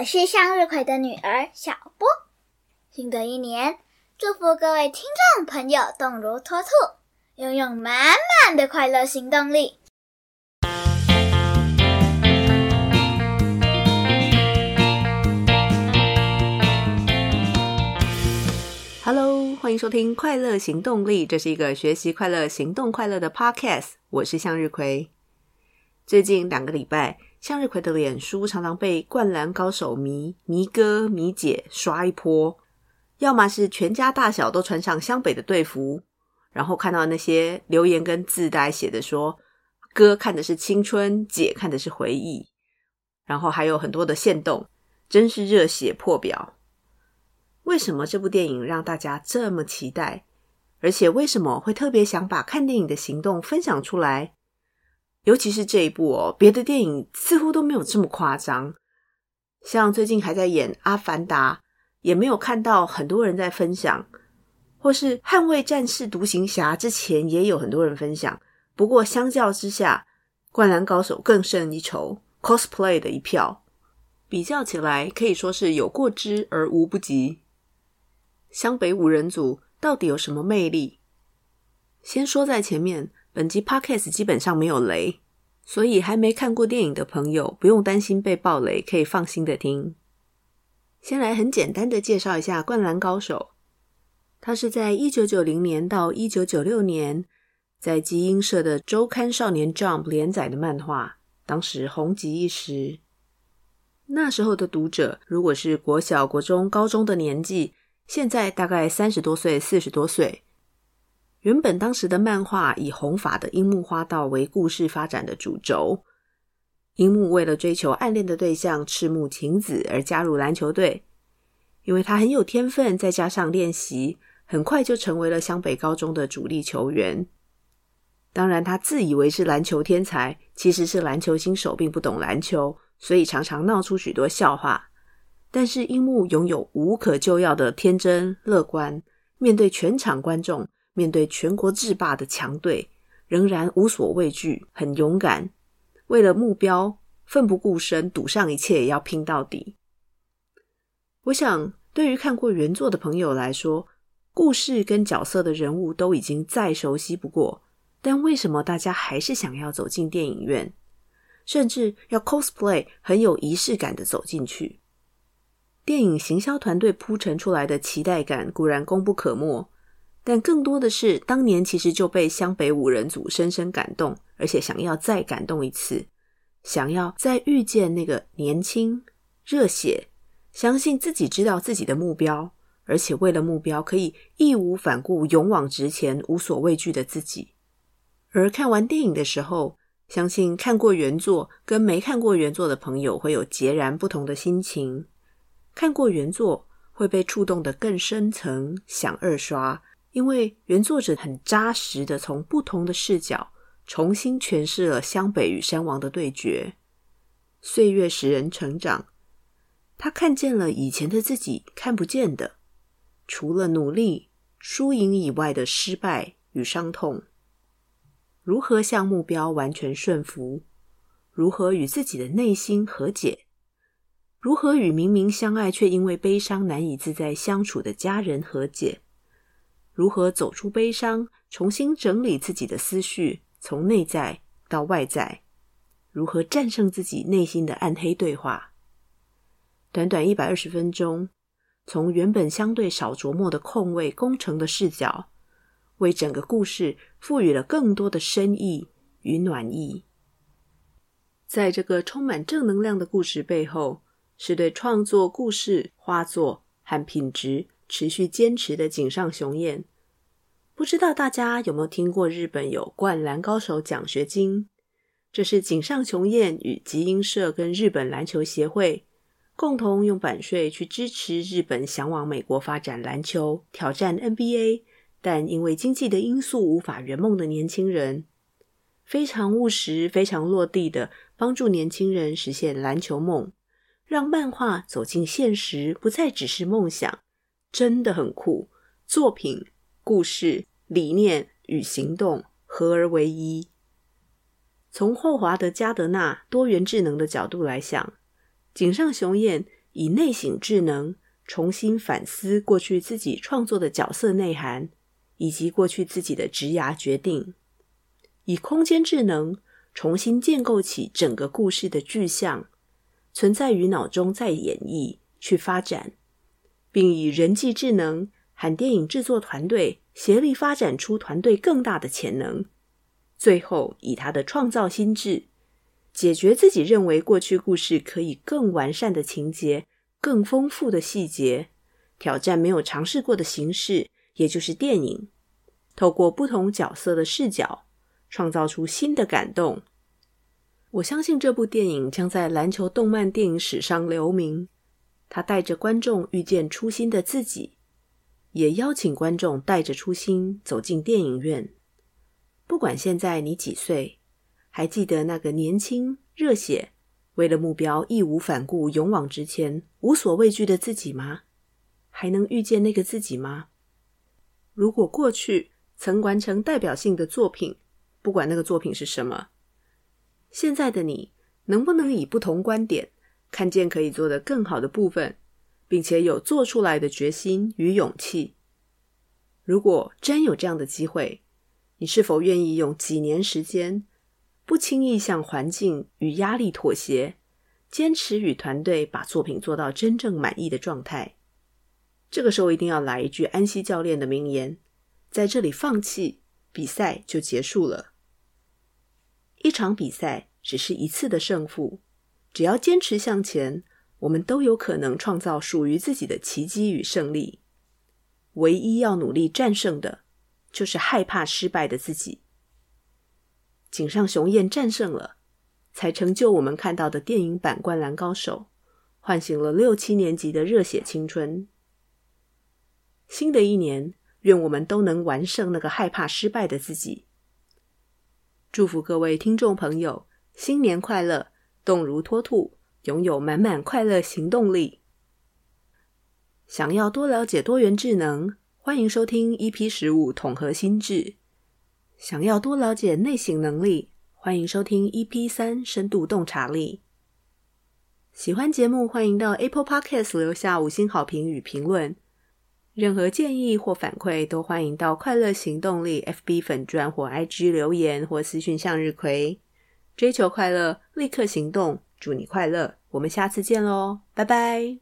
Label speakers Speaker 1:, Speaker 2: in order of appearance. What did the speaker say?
Speaker 1: 我是向日葵的女兒小波，新的一年，祝福各位聽眾朋友，動如脫兔，擁有滿滿的快樂行動力。Hello，歡迎收聽《快樂行動力》，這是一個學習快樂、行動快樂的 Podcast。我是向日葵，最近兩個禮拜，向日葵的臉書常常被灌籃高手迷、迷哥迷姐刷一波，要麼是全家大小都穿上湘北的隊服，然後看到那些留言跟字帶寫的說，哥看的是青春，姐看的是回憶，然後還有很多的限動，真是熱血破表。為什麼這部電影讓大家這麼期待？而且為什麼會特別想把看電影的行動分享出來？尤其是這一部哦，別的電影似乎都沒有這麼誇張。像最近還在演《阿凡達》，也沒有看到很多人在分享；或是《捍衛戰士》《獨行俠》之前，也有很多人分享。不過相較之下，《灌籃高手》更勝一籌，cosplay 的一票比較起來，可以說是有過之而無不及。湘北五人組到底有什麼魅力？先說在前面。本集 Podcast 基本上沒有雷，所以還沒看過電影的朋友不用擔心被爆雷，可以放心的聽。先來很簡單的介紹一下《灌籃高手》，他是在一九九零年到一九九六年在集英社的周刊《少年 Jump》連載的漫畫，當時紅極一時。那時候的讀者如果是國小、國中、高中的年紀，現在大概三十多歲、四十多歲。原本當時的漫畫以紅髮的櫻木花道為故事發展的主軸，櫻木為了追求暗戀的對象赤木晴子而加入籃球隊，因為他很有天分，再加上練習，很快就成為了湘北高中的主力球員。當然，他自以為是籃球天才，其實是籃球新手，並不懂籃球，所以常常鬧出許多笑話。但是櫻木擁有無可救藥的天真樂觀，面對全場觀眾，面對全國制霸的強隊，仍然無所畏懼，很勇敢，為了目標奮不顧身，賭上一切也要拼到底。我想，對於看過原作的朋友來說，故事跟角色的人物都已經再熟悉不過，但為什麼大家還是想要走進電影院，甚至要 cosplay，很有儀式感的走進去？電影行銷團隊鋪陳出來的期待感固然功不可沒。但更多的是，當年其實就被湘北五人組深深感動，而且想要再感動一次，想要再遇見那個年輕、熱血、相信自己、知道自己的目標，而且為了目標可以義無反顧、勇往直前、無所畏懼的自己。而看完電影的時候，相信看過原作跟沒看過原作的朋友會有截然不同的心情。看過原作會被觸動得更深層，想二刷。因為原作者很紮實的從不同的視角重新詮釋了湘北與山王的對決。歲月使人成長，他看見了以前的自己看不見的，除了努力、輸贏以外的失敗與傷痛。如何向目標完全順服？如何與自己的內心和解？如何與明明相愛卻因為悲傷難以自在相處的家人和解？如何走出悲傷，重新整理自己的思緒，從內在到外在，如何戰勝自己內心的暗黑對話？短短一百二十分鐘，從原本相對少琢磨的控衛宮城的視角，為整個故事賦予了更多的深意與暖意。在這個充滿正能量的故事背後，是對創作故事、畫作和品質持續堅持的井上雄彥。不知道大家有沒有聽過日本有灌籃高手獎學金？這是井上雄彥與集英社跟日本籃球協會共同用版稅去支持日本想往美國發展籃球、挑戰 NBA，但因為經濟的因素無法圓夢的年輕人，非常務實、非常落地的幫助年輕人實現籃球夢，讓漫畫走進現實，不再只是夢想，真的很酷。作品、故事、理念與行動合而為一。從霍華德·加德納多元智能的角度來想，井上雄彥以內省智能重新反思過去自己創作的角色內涵，以及過去自己的職涯決定；以空間智能重新建構起整個故事的具象，存在於腦中再演繹去發展，並以人際智能和電影製作團隊。協力發展出團隊更大的潛能，最後以他的創造心智，解決自己認為過去故事可以更完善的情節、更豐富的細節，挑戰沒有嘗試過的形式，也就是電影，透過不同角色的視角，創造出新的感動。我相信這部電影將在籃球動漫電影史上留名，它帶着觀眾遇見初心的自己。也邀請觀眾帶着初心走進電影院。不管現在你幾歲，還記得那個年輕、熱血，為了目標義無反顧、勇往直前、無所畏懼的自己嗎？還能遇見那個自己嗎？如果過去曾完成代表性的作品，不管那個作品是什麼，現在的你能不能以不同觀點，看見可以做得更好的部分？並且有做出來的決心與勇氣。如果真有這樣的機會，你是否願意用幾年時間，不輕易向環境與壓力妥協，堅持與團隊把作品做到真正滿意的狀態？這個時候一定要來一句安西教練的名言：在這裡放棄，比賽就結束了。一場比賽只是一次的勝負，只要堅持向前。我們都有可能創造屬於自己的奇蹟與勝利，唯一要努力戰勝的，就是害怕失敗的自己。井上雄彥戰勝了，才成就我們看到的電影版《灌籃高手》，喚醒了六七年級的熱血青春。新的一年，願我們都能完勝那個害怕失敗的自己。祝福各位聽眾朋友，新年快樂，動如脫兔。擁有滿滿快樂行動力。想要多了解多元智能，歡迎收聽 EP 十五統合心智。想要多了解內省能力，歡迎收聽 EP 三深度洞察力。喜歡節目，歡迎到 Apple Podcast 留下五星好評與評論。任何建議或反饋都歡迎到快樂行動力 FB 粉專或 IG 留言或私訊向日葵。追求快樂，立刻行動。祝你快樂！我們下次見嘍，拜拜。